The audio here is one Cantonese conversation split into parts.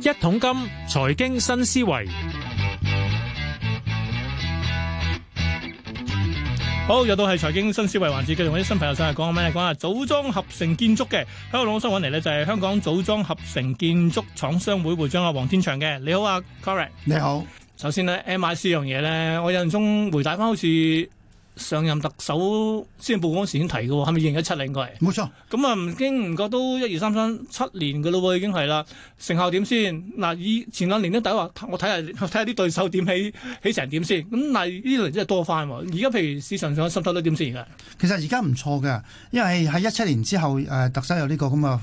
一桶金財經新思維，好又到係財經新思維環節，繼續我啲新朋友上嚟講咩？講下組裝合成建築嘅香港，我想揾嚟呢，就係香港組裝合成建築廠商會會長阿黃天祥嘅。你好啊，Cora，你好。首先咧，誒，MIC 呢樣嘢呢，我印象中回答翻好似。上任特首施政報告嗰時已經提嘅喎，係咪二零一七年過嚟？冇錯。咁啊，唔經唔覺都一二三三七年嘅咯喎，已經係啦。成效點先嗱？以前兩年都第一話，我睇下睇下啲對手點起起成點先咁嗱。呢輪真係多翻。而家譬如市場上嘅滲透率點先？而家其實而家唔錯嘅，因為喺一七年之後，誒、呃、特首有呢、這個咁啊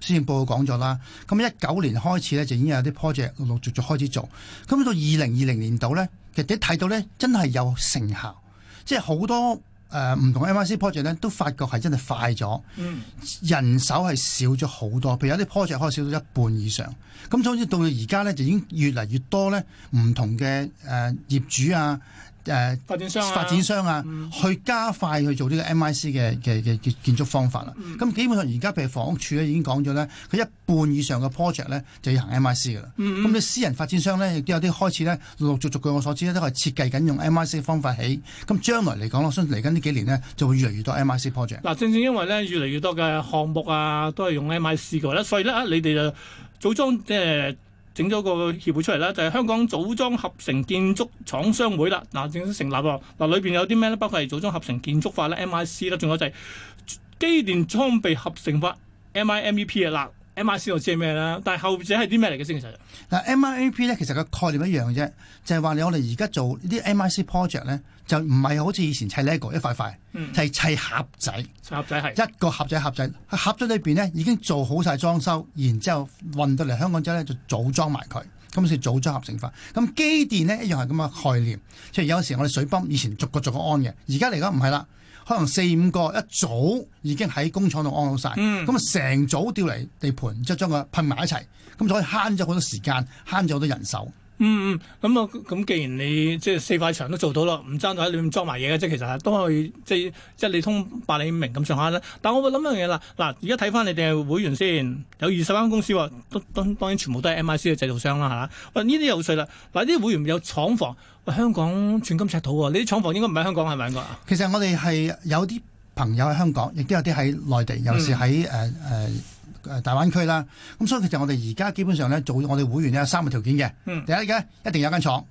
施政報告講咗啦。咁一九年開始呢，就已經有啲 project 陸陸續續開始做。咁到二零二零年度呢，其實一睇到呢，真係有成效。即係好多誒唔、呃、同嘅 MiC project 咧，都發覺係真係快咗，嗯、人手係少咗好多。譬如有啲 project 可能少到一半以上，咁總之到到而家咧就已經越嚟越多咧，唔同嘅誒、呃、業主啊，誒、呃、發展商啊，發展商啊，去加快去做呢個 M I C 嘅嘅嘅建築方法啦。咁、嗯、基本上而家譬如房屋署咧已經講咗咧，佢一半以上嘅 project 咧就要行 M I C 嘅啦。咁你、嗯、私人發展商咧亦都有啲開始咧陸陸續續，續據我所知咧都係設計緊用 M I C 嘅方法起。咁將來嚟講我相信嚟緊呢幾年咧就會越嚟越多 M I C project。嗱，正正因為咧越嚟越多嘅項目啊，都係用 M I C 嘅啦，所以咧你哋就組裝即係。呃整咗個協會出嚟啦，就係香港組裝合成建築廠商會啦。嗱，正式成立喎。嗱，裏邊有啲咩咧？包括係組裝合成建築法咧 MIC 啦，仲有就係機電裝備合成法 （MIMEP） 啊啦。M I C 我知道咩啦，但係後者係啲咩嚟嘅先其實？嗱 M I A P 咧，其實個概念一樣啫，就係話你我哋而家做呢啲 M I C project 咧，就唔係好似以前砌 lego 一塊塊，係、嗯、砌盒仔。盒仔係的一個盒仔，盒仔盒仔，盒仔裏邊咧已經做好晒裝修，然之後運到嚟香港之後咧就組裝埋佢，咁似組裝合成法。咁機電呢一樣係咁嘅概念，即係有時我哋水泵以前逐個逐個安嘅，而家嚟講唔係啦。可能四五個一組已經喺工廠度安好曬，咁啊成組調嚟地盤，即係將佢拼埋一齊，就可以慳咗好多時間，慳咗好多人手。嗯嗯，咁、嗯、啊，咁、嗯、既然你即係四塊牆都做到咯，唔爭喺裏面裝埋嘢嘅啫，其實都可以即係一理通百理明咁上下啦。但係我會諗一樣嘢啦，嗱，而家睇翻你哋會員先，有二十間公司，都都當然全部都係 MIC 嘅製造商啦，係嘛？喂，呢啲又衰啦，嗱，啲會員有廠房，喂，香港寸金尺土喎，你啲廠房應該唔喺香港係咪啊？其實我哋係有啲朋友喺香港，亦都有啲喺內地，有時喺誒誒。嗯誒大灣區啦，咁、嗯、所以其實我哋而家基本上咧做我哋會員咧有三個條件嘅。第一咧一定有間廠，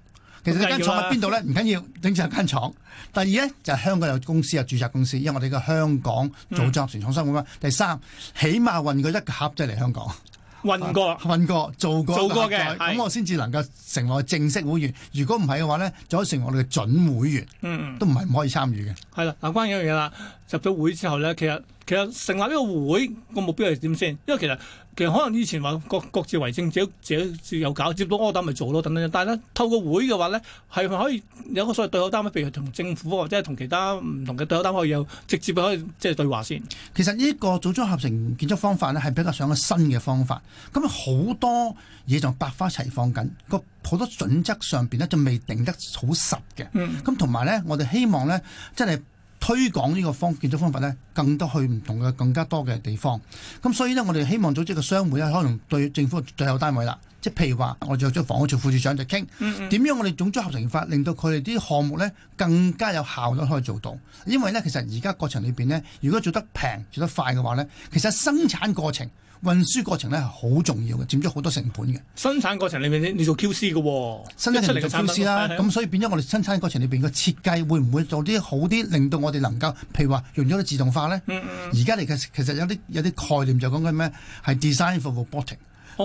其實間廠喺邊度咧唔緊要，整住有間廠。第二咧就係、香港有公司有註冊公司，因為我哋嘅香港組裝合成建築廠商會。第三起碼運過一個盒都係嚟香港，運過、啊、運過做過做過嘅，咁我先至能夠成為正式會員。的如果唔係嘅話咧，就可以成為我哋嘅準會員，嗯、都唔係唔可以參與嘅。係啦，嗱，關於呢樣嘢啦。入咗會之後咧，其實其實成立呢個會個目標係點先？因為其實其實可能以前話各各自為政，自己，自己有搞接到 order 咪做咯等，等等。但係咧透過會嘅話咧，係咪可以有一個所謂對口單位，譬如同政府或者係同其他唔同嘅對口單位有直接可以即係對話先。其實呢個組裝合成建築方法咧係比較上個新嘅方法。咁好多嘢就百花齊放緊，個好多準則上邊咧就未定得好實嘅。咁同埋咧，我哋希望咧真係。推廣呢個方建築方法咧，更多去唔同嘅更加多嘅地方。咁所以咧，我哋希望組織個商會咧，可能對政府最有單位啦。即係譬如話，我做咗房屋署副處長就傾點、嗯嗯、樣我哋組裝合成法，令到佢哋啲項目咧更加有效率可以做到。因為咧，其實而家過程裏邊咧，如果做得平、做得快嘅話咧，其實生產過程。運輸過程咧係好重要嘅，佔咗好多成本嘅。生產過程裡面你咪你做 QC 嘅喎、哦。啊、出產生產過程做 QC 啦，咁所以變咗我哋生產過程裏邊嘅設計，會唔會做啲好啲，令到我哋能夠，譬如話用咗啲自動化咧？嗯嗯。而家嚟嘅其實有啲有啲概念就講緊咩？係 design for robotics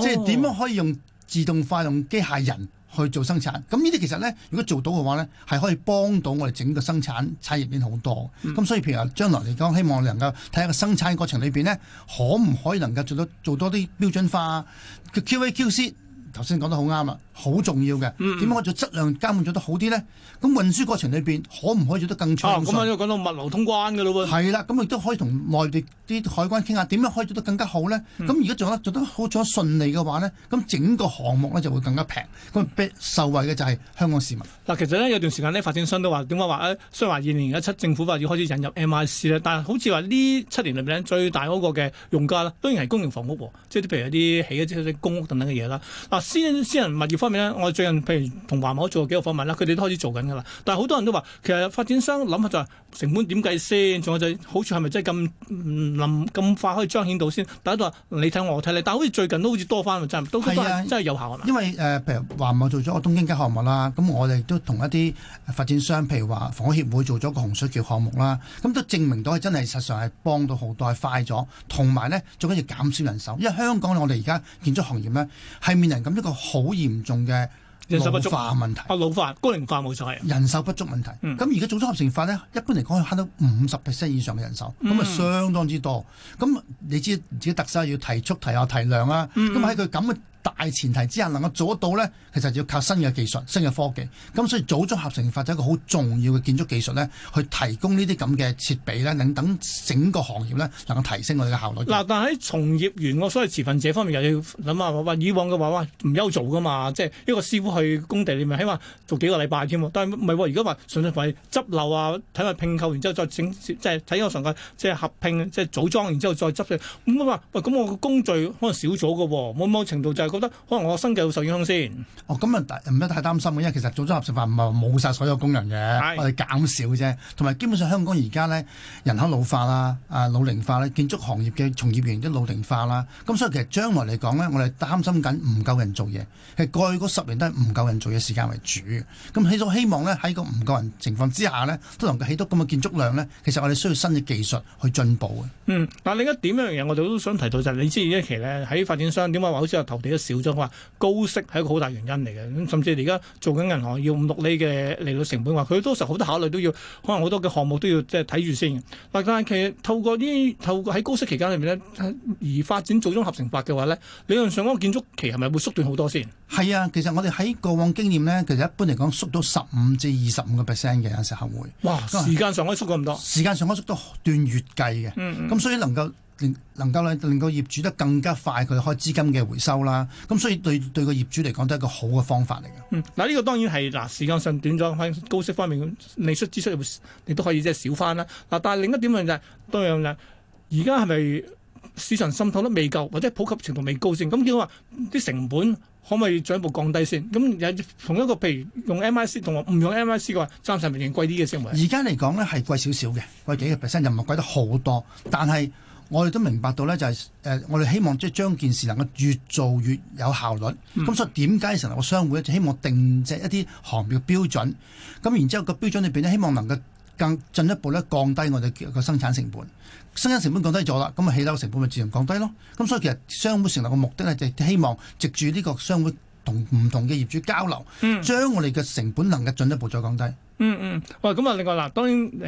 即係點樣可以用自動化用機械人。去做生產，咁呢啲其實咧，如果做到嘅話咧，係可以幫到我哋整個生產產業鏈好多。咁、嗯、所以譬如話將來嚟講，希望能夠睇下個生產過程裏邊咧，可唔可以能夠做到做多啲標準化，啊？嘅 Q A Q C 頭先講得好啱啦，好重要嘅。點解我做質量監控做得好啲咧？咁運輸過程裏邊可唔可以做得更暢順？啊，咁樣要講到物流通關嘅咯喎。係啦，咁亦都可以同內地。啲海關傾下點樣可以做得更加好咧？咁而家做得做得好做得順利嘅話咧，咁整個項目咧就會更加平。咁受惠嘅就係香港市民。嗱，其實咧有段時間咧發展商都話點解話啊？雖然話二零一七政府話要開始引入 MiC 咧，但係好似話呢七年入邊最大嗰個嘅用家啦，當然係公營房屋喎，即係譬如一啲起一啲公屋等等嘅嘢啦。啊，私私人物業方面咧，我最近譬如同華茂做幾個訪問啦，佢哋都開始做緊噶啦。但係好多人都話，其實發展商諗下就係成本點計先，仲有就好處係咪真係咁。咁快可以彰顯到先，大家都話你睇我，我睇你。但係好似最近都好似多翻喎，真係，都、啊、都真係有效啊！因為誒、呃，譬如話我做咗東京嘅項目啦，咁我哋都同一啲發展商，譬如話房協會做咗個洪水橋項目啦，咁都證明到係真係實上係幫到好多，快咗，同埋呢，仲可以減少人手，因為香港我哋而家建築行業呢，係面臨咁一個好嚴重嘅。人手不足化問題，啊，老化、高齡化冇錯係人手不足問題。咁而家組裝合成法咧，一般嚟講要慳到五十 percent 以上嘅人手，咁啊相當之多。咁、嗯、你知自己特首要提速、提下提量啦。咁喺佢咁嘅，嗯嗯大前提之下，能夠做得到呢，其實要靠新嘅技術、新嘅科技。咁所以組裝合成法就係一個好重要嘅建築技術呢，去提供呢啲咁嘅設備呢，令等整個行業呢，能夠提升我哋嘅效率。嗱，但喺從業員我所謂持份者方面，又要諗下話，以往嘅話話唔憂做㗎嘛，即係一個師傅去工地裏面，起碼做幾個禮拜添。但係唔係喎？如果話純粹係執漏啊，睇埋拼購完之後再整，即係睇我上個即係合拼即係組裝，然之後再執嘅咁，啊喂，咁我嘅工序可能少咗嘅喎，某某程度就係得可能我生計會受影響先。哦，咁啊，唔使太擔心，因為其實組裝合成唔係冇晒所有工人嘅，是我哋減少嘅啫。同埋基本上香港而家咧人口老化啦，啊老齡化咧，建築行業嘅從業員都老齡化啦。咁所以其實將來嚟講咧，我哋擔心緊唔夠人做嘢。係過去嗰十年都係唔夠人做嘢時間為主嘅。咁起咗希望咧喺個唔夠人情況之下咧，都能夠起到咁嘅建築量咧。其實我哋需要新嘅技術去進步嘅。嗯，但另一點一樣嘢，我哋都想提到就係、是、你知而一期咧喺發展商點解話好似話投地少咗話高息係一個好大原因嚟嘅，咁甚至而家做緊銀行要五六厘嘅利率成本話，佢多時候好多考慮都要，可能好多嘅項目都要即係睇住先。嗱，但係其實透過呢，透過喺高息期間裏面呢，而發展做組裝合成法嘅話呢，理論上嗰個建築期係咪會縮短好多先？係啊，其實我哋喺過往經驗呢，其實一般嚟講縮到十五至二十五個 percent 嘅，有時候會。哇，為時間上可以縮咁多？時間上可以縮到段月計嘅，咁、嗯、所以能夠。能夠咧令到業主得更加快佢開資金嘅回收啦。咁所以對對個業主嚟講都係一個好嘅方法嚟嘅。嗯，嗱呢個當然係嗱時間上短咗喺高息方面，利息支出亦都可以即係少翻啦。嗱，但係另一點就係都有咧。而家係咪市場滲透得未夠，或者普及程度未高先？咁叫話啲成本可唔可以進一步降低先？咁有同一個譬如用 M I C 同唔用 M I C 嘅話，暫時明顯貴啲嘅成本。而家嚟講呢，係貴少少嘅，貴幾個 percent 又唔係貴得好多，但係。我哋都明白到咧、就是，就係誒，我哋希望即係將件事能夠越做越有效率。咁、嗯、所以點解成立個商會咧？就希望定制一啲行業嘅標準。咁然之後個標準裏邊咧，希望能夠更進一步咧，降低我哋個生產成本。生產成本降低咗啦，咁啊起樓成本咪自然降低咯。咁所以其實商會成立嘅目的咧，就係、是、希望藉住呢個商會同唔同嘅業主交流，將我哋嘅成本能夠進一步再降低。嗯嗯嗯嗯，喂，咁啊，另外嗱，當然誒，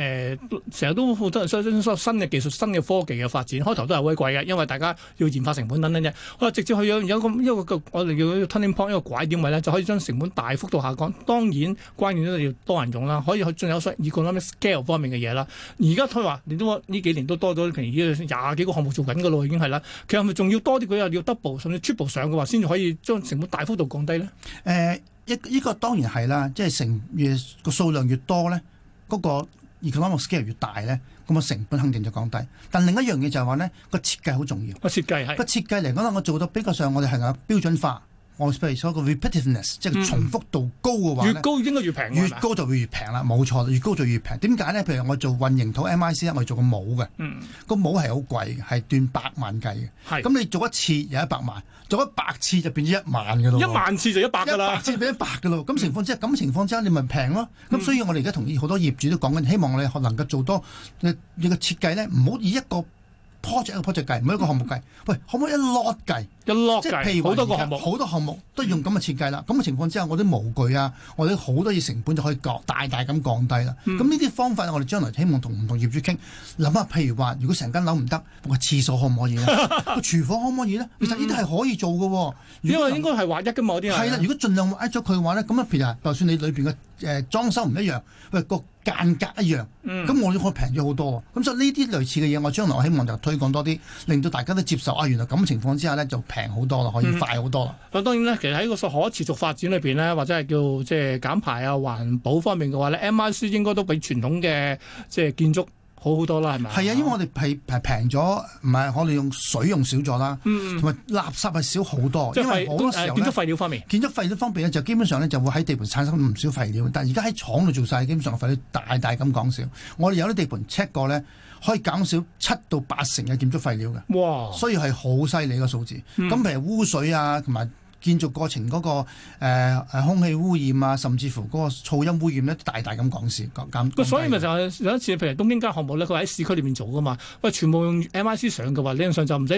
成、呃、日都好多新新新新嘅技術、新嘅科技嘅發展，開頭都係好鬼貴嘅，因為大家要研發成本等等嘢。我直接去咗有個一個我哋叫 Turning Point 一個拐點位咧，就可以將成本大幅度下降。當然關鍵都要多人用啦，可以仲有相以講咧 scale 方面嘅嘢啦。而家佢話你都呢幾年都多咗，譬如廿幾個項目做緊㗎咯，已經係啦。其實係咪仲要多啲佢又要 double 甚至 triple 上嘅話，先至可以將成本大幅度降低咧？誒。一依個，個當然係啦，即係成越個數量越多咧，嗰、嗰個 economies of scale 越大咧，咁、那、啊、個、成本肯定就降低。但另一樣嘢就係話咧，個設計好重要。設個設計係個設計嚟講啦，我做到比較上我哋係有標準化。我所以個 repetitiveness 即係重複度高嘅話、嗯，越高應該越平。越高就會越平啦，冇吧錯，越高就越平。點解咧？譬如我做混凝土 M I C，我做個模嘅，個、嗯、模係好貴，係斷百萬計嘅。係咁是，你做一次有一百萬，做一百次就變咗一萬嘅咯。一萬次就一百㗎啦。一百次變一百嘅咯。咁情況之下，咁情況之下，你咪平咯。咁所以，我哋而家同好多業主都講緊，希望你哋能夠做多你個設計咧，唔好以一個，project 一 project 計唔係一個項目計，嗯、喂，可唔可以一 log 計一 log，即係譬如好多個好多項目都用咁嘅設計啦。咁嘅、嗯、情況之下，我啲模具啊，我啲好多嘢成本就可以降大大咁降低啦。咁呢啲方法我哋將來希望同唔同業主傾，諗下譬如話，如果成間樓唔得同個廁所可唔可以啊？ 個廚房可唔可以咧？其實呢啲係可以做嘅。因為 果應該係劃一嘅嘛，啲係果。係啦， 如果盡量 at 咗佢嘅話咧，咁啊，譬如話，就算你裏邊嘅。誒裝修唔一樣，喂個間隔一樣，咁、嗯、我可以平咗好多啊！咁所以呢啲類似嘅嘢，我將來我希望就推廣多啲，令到大家都接受啊！原來咁情況之下咧，就平好多啦，可以快好多啦。咁、嗯嗯、當然咧，其實喺個可持續發展裏邊咧，或者係叫即係、就是、減排啊、環保方面嘅話咧 MiC 應該都比傳統嘅即係建築。好好多啦，係嘛？係啊，因為我哋係平平咗，唔係我哋用水用少咗啦，同埋、嗯、垃圾係少好多。即係嗰誒建築廢料方面，建築廢料方面咧就基本上咧就會喺地盤產生唔少廢料，但係而家喺廠度做晒，基本上廢料大大咁減少。我哋有啲地盤 check 過咧，可以減少七到八成嘅建築廢料嘅。哇！所以係好犀利嘅數字。咁譬、嗯、如污水啊，同埋。建築過程嗰、那個誒、呃、空氣污染啊，甚至乎嗰個噪音污染咧、啊，大大咁講事咁。所以咪就係有一次，譬如東京間項目咧，佢喺市區裏邊做噶嘛，喂，全部用 M I C 上嘅話，理論上就唔使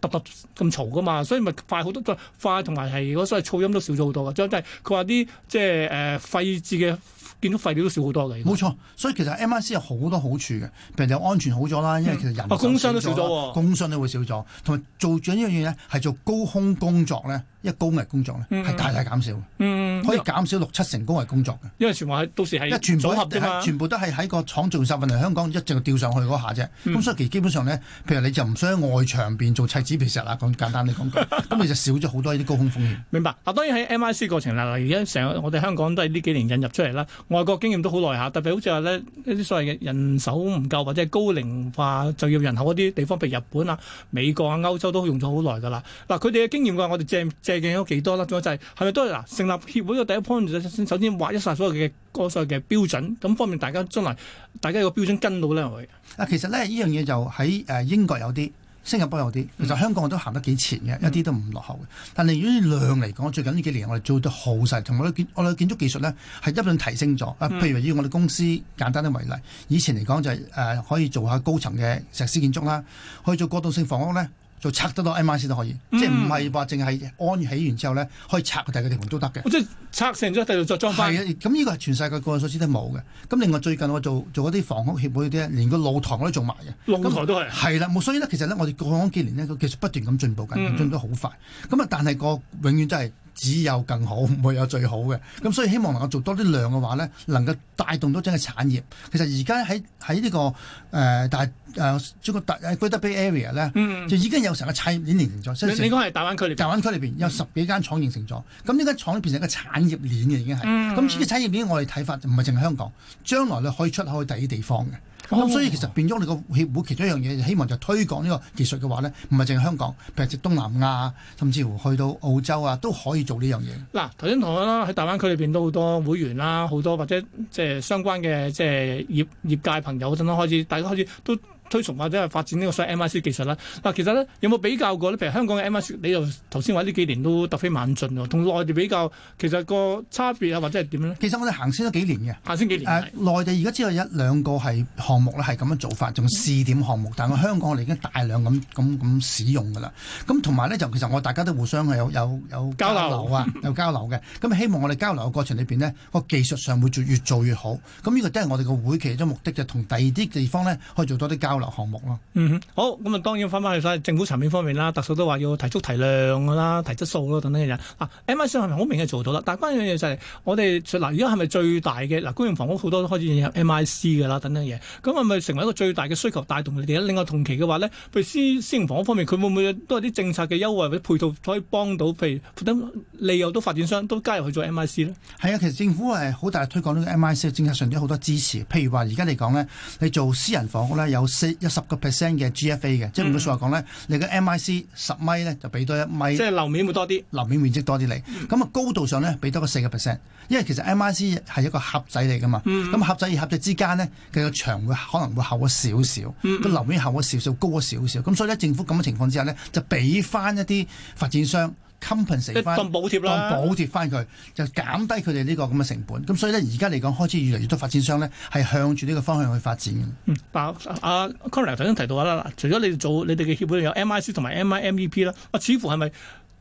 揼揼咁嘈噶嘛，所以咪快好多，快同埋係所謂噪音都少咗好多嘅。即係佢話啲即係誒廢置嘅建築廢料都少好多嘅。冇錯，所以其實 M I C 有好多好處嘅，譬如就安全好咗啦，因為其實人工商都少咗、嗯啊，工傷都會少咗，同埋、啊、做咗一樣嘢咧係做高空工作咧。一高危工作呢係、嗯、大大減少、嗯、可以減少六七成高危工作嘅。因為全部喺到時喺組合啫嘛，全部都係喺個廠做曬，運嚟、嗯、香港一直吊上去嗰下啫。咁、嗯、所以其基本上呢，譬如你就唔需要喺外牆邊做砌紙皮石啦，咁簡單啲講句，咁 你就少咗好多呢啲高空風險。明白。啊、當然喺 M I C 過程啦，例如而家成日我哋香港都係呢幾年引入出嚟啦，外國經驗都好耐下，特別好似話呢，一啲所謂嘅人手唔夠或者高齡化就要人口嗰啲地方，譬如日本啊、美國啊、歐洲都用咗好耐㗎啦。嗱、啊，佢哋嘅經驗嘅話，我哋借。借嘅有幾多啦？仲有就係、是、咪都係嗱？成立協會嘅第一 point 就係首先劃一晒所有嘅嗰個嘅標準。咁方便大家將來大家個標準跟到咧會。啊，其實咧呢樣嘢就喺誒英國有啲，新加坡有啲。其實香港我都行得幾前嘅，嗯、一啲都唔落後嘅。但係至於量嚟講，最近呢幾年我哋做得好細，同我哋建我哋建築技術咧係一輪提升咗。啊、嗯，譬如以我哋公司簡單啲為例，以前嚟講就係、是、誒、呃、可以做下高層嘅石屎建築啦，可以做過渡性房屋咧。做拆得到 MiC 先都可以，嗯、即係唔係話淨係安起完之後咧，可以拆第二個地方都得嘅。即係、啊、拆成咗，繼續作裝翻。係啊，咁呢個係全世界個人所知都冇嘅。咁另外最近我做做嗰啲房屋協會啲咧，連個露台我都做埋嘅。露台都係。係啦，冇所以咧，其實咧，我哋過往幾年咧，佢技術不斷咁進步緊，進得好快。咁啊、嗯，但係個永遠都係，只有更好，唔會有最好嘅。咁所以希望能夠做多啲量嘅話，咧，能夠帶動多啲嘅產業。其實而家喺喺呢個誒、呃、大、誒中國大 Greater Bay Area 咧、嗯嗯，就已經有成個產業鏈形成咗。你你講係大灣區，大灣區裏邊有十幾間廠形成咗，咁呢間廠變成一個產業鏈嘅，已經係。咁呢啲產業鏈，我哋睇法唔係淨係香港，將來你可以出口去第二啲地方嘅。咁、oh. 所以其實變咗你個協會，其中一樣嘢希望就推廣呢個技術嘅話咧，唔係淨係香港，譬如東南亞，甚至乎去到澳洲啊，都可以做呢樣嘢。嗱、啊，頭先同我啦，喺大灣區裏邊都好多會員啦、啊，好多或者即係相關嘅即係業業界朋友嗰陣都開始，大家都開始都推崇或者係發展呢個所謂 MiC 技術啦。嗱，其實咧有冇比較過咧？譬如香港嘅 MiC 你又頭先話呢幾年都突飛猛進喎，同內地比較，其實個差別啊或者係點樣咧？其實我哋行先咗幾年嘅，行先幾年。誒、啊，是內地而家只有一兩個係項目咧，係咁樣做法，仲試點項目。但係香港我哋已經大量咁咁咁使用㗎啦。咁同埋咧就其實我大家都互相係有有有交流啊，交流 有交流嘅。咁希望我哋交流嘅過程裏邊呢，個技術上會越做越好。咁呢個都係我哋個會其實目的就同第二啲地方呢，可以做多啲交流。項目咯，嗯哼，好，咁啊，當然翻翻去翻政府層面方面啦，特首都話要提速提量噶啦，提質素咯等等嘅嘢。啊，M I C 係咪好明顯做到啦？但係關鍵嘅嘢就係我哋嗱，而家係咪最大嘅，嗱，公營房屋好多都開始引入 M I C 噶啦，等等嘢，咁係咪成為一個最大嘅需求，帶動你哋喺另外同期嘅話呢，譬如私私人房屋方面，佢會唔會都有啲政策嘅優惠或者配套，可以幫到譬如等利有都發展商都加入去做 M I C 呢？係啊，其實政府係好大推廣呢個 M I C，政策上都好多支持，譬如話而家嚟講呢，你做私人房屋咧有四有十個 percent 嘅 GFA 嘅，即係換句説話講咧，你嘅 MIC 十米咧就俾多一米，即係樓面會多啲，樓面面積多啲嚟。咁啊、嗯、高度上咧俾多個四個 percent，因為其實 MIC 係一個盒仔嚟噶嘛。咁、嗯、盒仔與盒仔之間咧佢個牆會可能會厚咗少少，個樓、嗯、面厚咗少少，高咗少少。咁所以咧，政府咁嘅情況之下咧，就俾翻一啲發展商。Compensate 返，當補貼啦，當補貼翻佢就減低佢哋呢個咁嘅成本。咁所以咧，而家嚟講開始越嚟越多發展商咧，係向住呢個方向去發展嘅。嗯，但阿 Corinna 頭先提到啦，除咗你哋做你哋嘅協會有 MiC 同埋 MIMEP 啦，啊，EP，似乎係咪？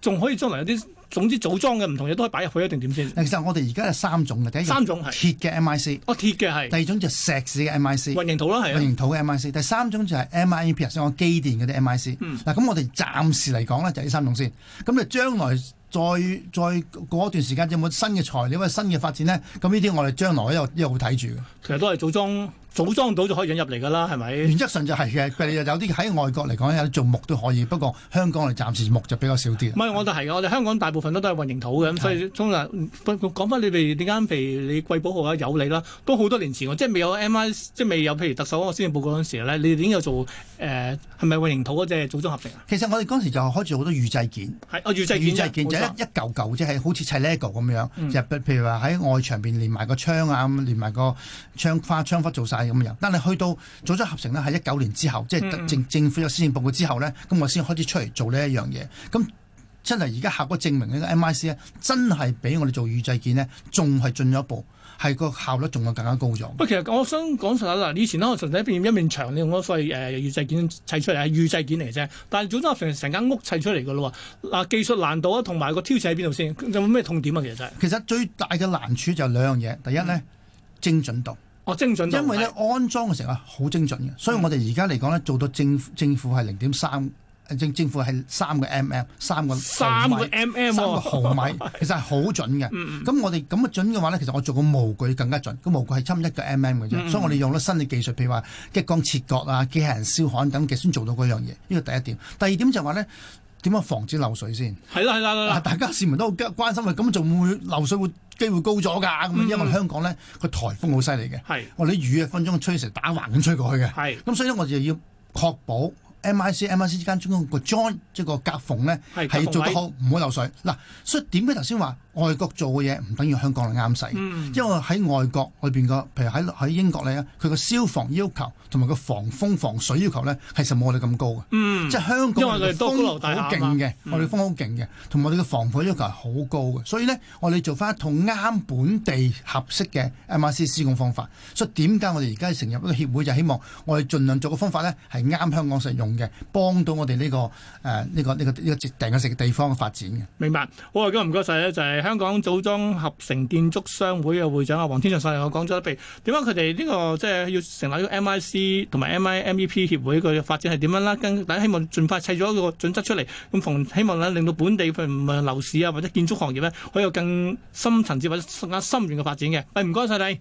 仲可以將來有啲，總之組裝嘅唔同嘢，都可以擺入去，一定點先？其實我哋而家係三種嘅，第一種係鐵嘅 M I C，哦鐵嘅係。第二種就石屎嘅 M I C，混凝土啦係。混凝土嘅 M I C，第三種就係 M I N P，即係講機電嗰啲 M I C。嗱咁、嗯、我哋暫時嚟講咧就係、是、呢三種先。咁你將來再再過一段時間有冇新嘅材料或者新嘅發展咧？咁呢啲我哋將來都一一路睇住。其實都係組裝。組裝到就可以引入嚟㗎啦，係咪？原則上就係、是、嘅，佢哋有啲喺外國嚟講有啲做木都可以，不過香港我哋暫時木就比較少啲。唔係，我都係我哋香港大部分都都係混凝土嘅，是所以中講翻你哋點解，譬如你貴寶號啦、有利啦，都好多年前喎，即係未有 MiC，即係未有譬如特首嗰個施政報告嗰陣時呢，你哋已經有做誒係咪混凝土嗰隻組裝合成啊？其實我哋嗰陣時就開始好多預製件，係哦、啊、預、預製件，錯就一一嚿嚿啫，係、就是、好似砌 lego 咁樣，就譬、嗯、如話喺外牆邊連埋個窗啊，咁連埋個窗花窗紮做晒。咁樣，但係去到組裝合成咧，係一九年之後，即係政政府有施政報告之後呢，咁、嗯嗯、我先開始出嚟做呢一樣嘢。咁真係而家效果證明呢個 MIC 呢，真係比我哋做預製件呢，仲係進咗一步，係個效率仲係更加高咗。不過其實我想講實話，以前咧我純粹整一面牆，你用咗所謂誒預製件砌出嚟係預製件嚟啫。但係組裝合成成間屋砌出嚟嘅嘞喎，嗱技術難度啊，同埋個挑戰喺邊度先？有冇咩痛點啊？其實真係其實最大嘅難處就兩樣嘢，第一呢，嗯、精準度。啊、精準因為咧是安裝嘅時候好精準嘅，所以我哋而家嚟講咧做到正正負係零點三正正負係三個 mm 三個三個 mm 三個毫米，其實係好準嘅。咁、嗯、我哋咁嘅準嘅話咧，其實我做個模具更加準，個模具係差唔多一個 mm 嘅啫。嗯、所以我哋用咗新嘅技術，譬如話激光切割啊、機械人燒焊等等，先做到嗰樣嘢。呢個第一點，第二點就係話咧。點樣防止漏水先？係啦係啦，啦！大家市民都好關心嘅，咁仲會唔會漏水，會機會高咗㗎。咁、嗯、因為香港咧個颱風好犀利嘅，的我哋啲雨啊，分分鐘吹成打橫咁吹過去嘅。係咁的，所以咧我哋就要確保 M I C M I C 之間中間 John, 個 join 即係個隔縫咧係的做得好，唔會漏水。嗱、啊，所以點解頭先話？外國做嘅嘢唔等於香港係啱使，嗯、因為喺外國外邊個，譬如喺喺英國咧，佢個消防要求同埋個防風防水要求咧，係冇我哋咁高嘅。即係香港，因為佢、嗯、風好勁嘅，我哋風好勁嘅，同埋我哋嘅防火要求係好高嘅，所以咧，我哋做翻一套啱本地合適嘅 MiC 施工方法。所以點解我哋而家成立一個協會，就是、希望我哋盡量做嘅方法咧係啱香港實用嘅，幫到我哋呢、呢個誒呢、呃呢個呢、呢個呢、呢個、呢個、定嘅地方嘅發展嘅。明白。好啊，今日唔該晒。咧，就係、是。香港組裝合成建築商會嘅會長啊，黃天祥先生，我講咗啦，譬如點解佢哋呢個即係要成立一個 MIC 同埋 MIMEP 協會嘅發展係點樣啦？更大家希望盡快砌咗一個準則出嚟，咁房希望咧令到本地譬如樓市啊或者建築行業咧可以有更深層次或者更加深遠嘅發展嘅。唔該曬你。